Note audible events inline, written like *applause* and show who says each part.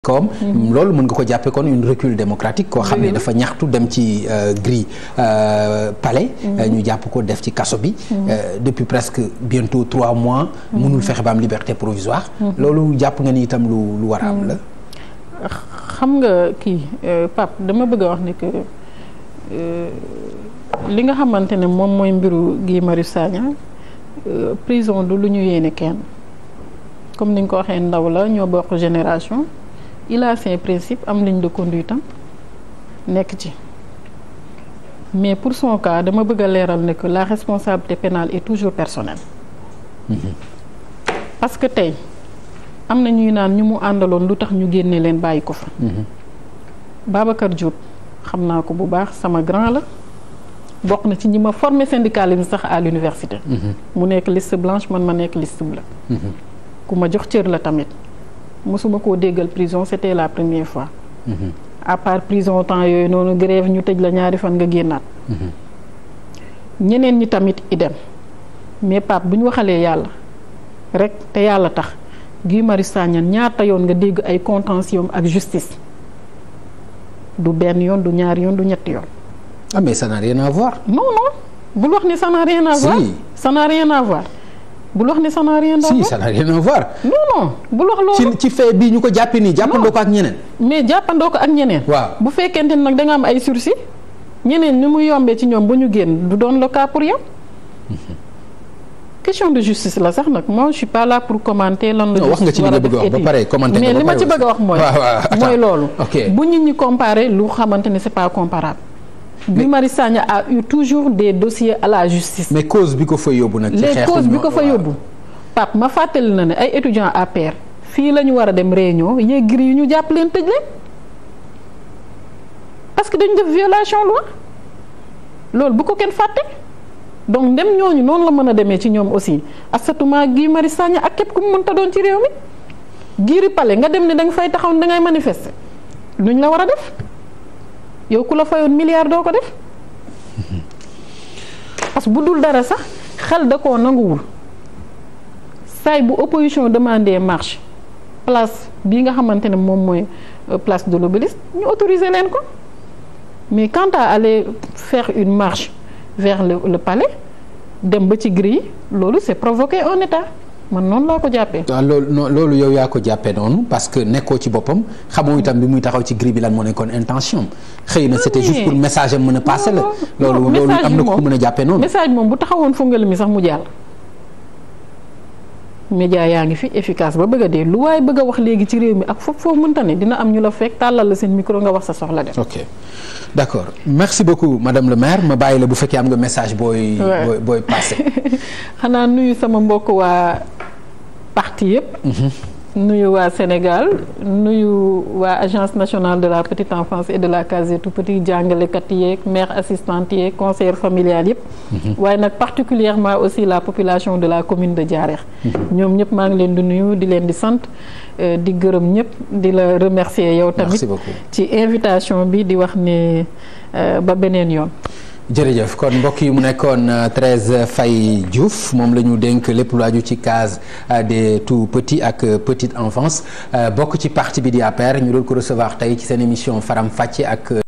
Speaker 1: comme mhm. loolu mën nga ko jàppee kon une recul démocratique koo xam ne dafa ñaxtu dem ci euh, gris euh, palais mhm. euh, ñu jàpp ko def ci kaso bi mhm. depuis presque bientôt trois mois mënul fexe ba am liberté provisoire loolu jàpp nga ni itam lu lu war a am la
Speaker 2: xam nga kii Pape dama bëgg a wax ne que li nga xamante ne moom mooy mbiru gii Marius Sagna prison du lu ñu yéene kenn comme ni nga ko waxee ndaw la ñoo bokk génération il a ses am ligne de conduite am nekk ci mais pour son cas dama bëgg a leeral ne que la responsabilité pénale et toujours personnelle. Mm parce que tey am na ñuy naan ñu mu àndaloon lu tax ñu génnee leen bàyyi ko fa. Mhm. Babacar Diop xam naa ko bu baax sama grand la bokk na ci ñi ma formé syndicalisme sax à l'université mhm. mu mm -hmm. nekk liste blanche man ma nekk liste bleue. Mhm. ku ma jox cër la tamit. mosuma koo déggal prison c'était la première fois. Mhm. à part prison temps yooyu noonu grève ñu tëj la ñaari fan nga génnaat. Mhm. ñeneen ñi tamit idem mais Pape bu ñu waxalee yàlla rek te yàlla tax Guy Marius Sagna ñaata yoon nga dégg ay contentieux ak justice du benn yoon du ñaari yoon du ñetti yoon. ah mais ça n'a bul wax ne ça n'a rien à bul wax ne ça n'a rien à voir si ça
Speaker 1: n'a rien à voir. non
Speaker 2: bul wax loolu.
Speaker 1: ci ci fait bii ñu ko jàppee nii. jàppandoo ko
Speaker 2: ak ñeneen. mais jàppandoo ko ak ñeneen. waaw bu fekkente ne nag danga am ay sursis ñeneen ñu mu yombee ci ñoom ba ñu génn du doon le pour yow. *laughs* question de justice la sax nag moi je suis pas pour commenter lan la. wax nga ci li nga bëgg wax ba pare mais li ma ci bëgg a wax mooy. *laughs* mooy loolu. bu nit ñu comparer lu xamante ne c'est pas comparable. Guy Marius Sagna a u toujours des dossiers à la justice.
Speaker 1: mais cause bi ko fa yóbbu nag. ci les causes bi ko fa yóbbu.
Speaker 2: Pape ma fàttali na ne ay étudiants APR fii la ñu war a dem ree réunion yeegir yu ñu jàpp leen tëj leen parce que dañu def violation loi loolu bu ko kenn fàtte donc ndem ñooñu noonu la mën a demee ci ñoom aussi assatuma Guy mari Sagna ak képp ku mu mënta doon ci réew mi giiri pale nga dem ne da nga fay taxaw ne da ngay manifester luñ la war a def. yow ku la fayoon milliard doo ko def parce que bu dul dara sax xel da koo nanguwul saay bu opposition demandé marche place bi nga xamante ne moom mooy euh, place de l'Obélisque ñu autoriser leen ko mais quant à aller faire une marche vers le, le palais dem ba ci gris loolu c'est provoquer un état man noonu laa ko jàppee.
Speaker 1: waaw ah, loolu loolu yow yaa ko jàppee noonu parce que nekkoo ci boppam xamoo itam bi muy taxaw ci gris bi lan moo nekkoon intention xëy na ah, c'était juste pour message am mën a passé la. loolu loolu am na ko mën a jàppee noonu. message
Speaker 2: moom bu taxawoon fungal mi sax mu yaa ngi fi efficace ba bëgg a lu waaye bëgga wax léegi ci réew mi ak foofu foo mënta ne dina am ñu la fekk tàllal la seen micro nga wax sa soxla dem. ok
Speaker 1: d'accord merci beaucoup madame le maire ma bàyyi la bu fekkee am nga message booy. booy
Speaker 2: *laughs* xanaa nuyu sama mbokk waa. parti yëpp. nuyu waa Sénégal nuyu waa agence nationale de la petite enfance et de la case tout petit jàngalekat yeeg mère assistante yeeg conseillère familiale yëpp. waaye nag particulièrement aussi la population de la commune de Diarère. ñoom ñëpp maa ngi leen di nuyu di leen di sant euh, di gërëm ñëpp di la remercier yow tamit. ci invitation bi di wax ne euh, ba beneen yoon.
Speaker 1: jërëjëf kon mbokk yi mu nekkoon euh, Thérèse fay Diouf moom la ñu dénk lépp lu aju ci case euh, des tout petits ak euh, petite enfance bokk ci parti bi di APR ñu doon ko recevoir tey ci seen émission faram fàcce ak.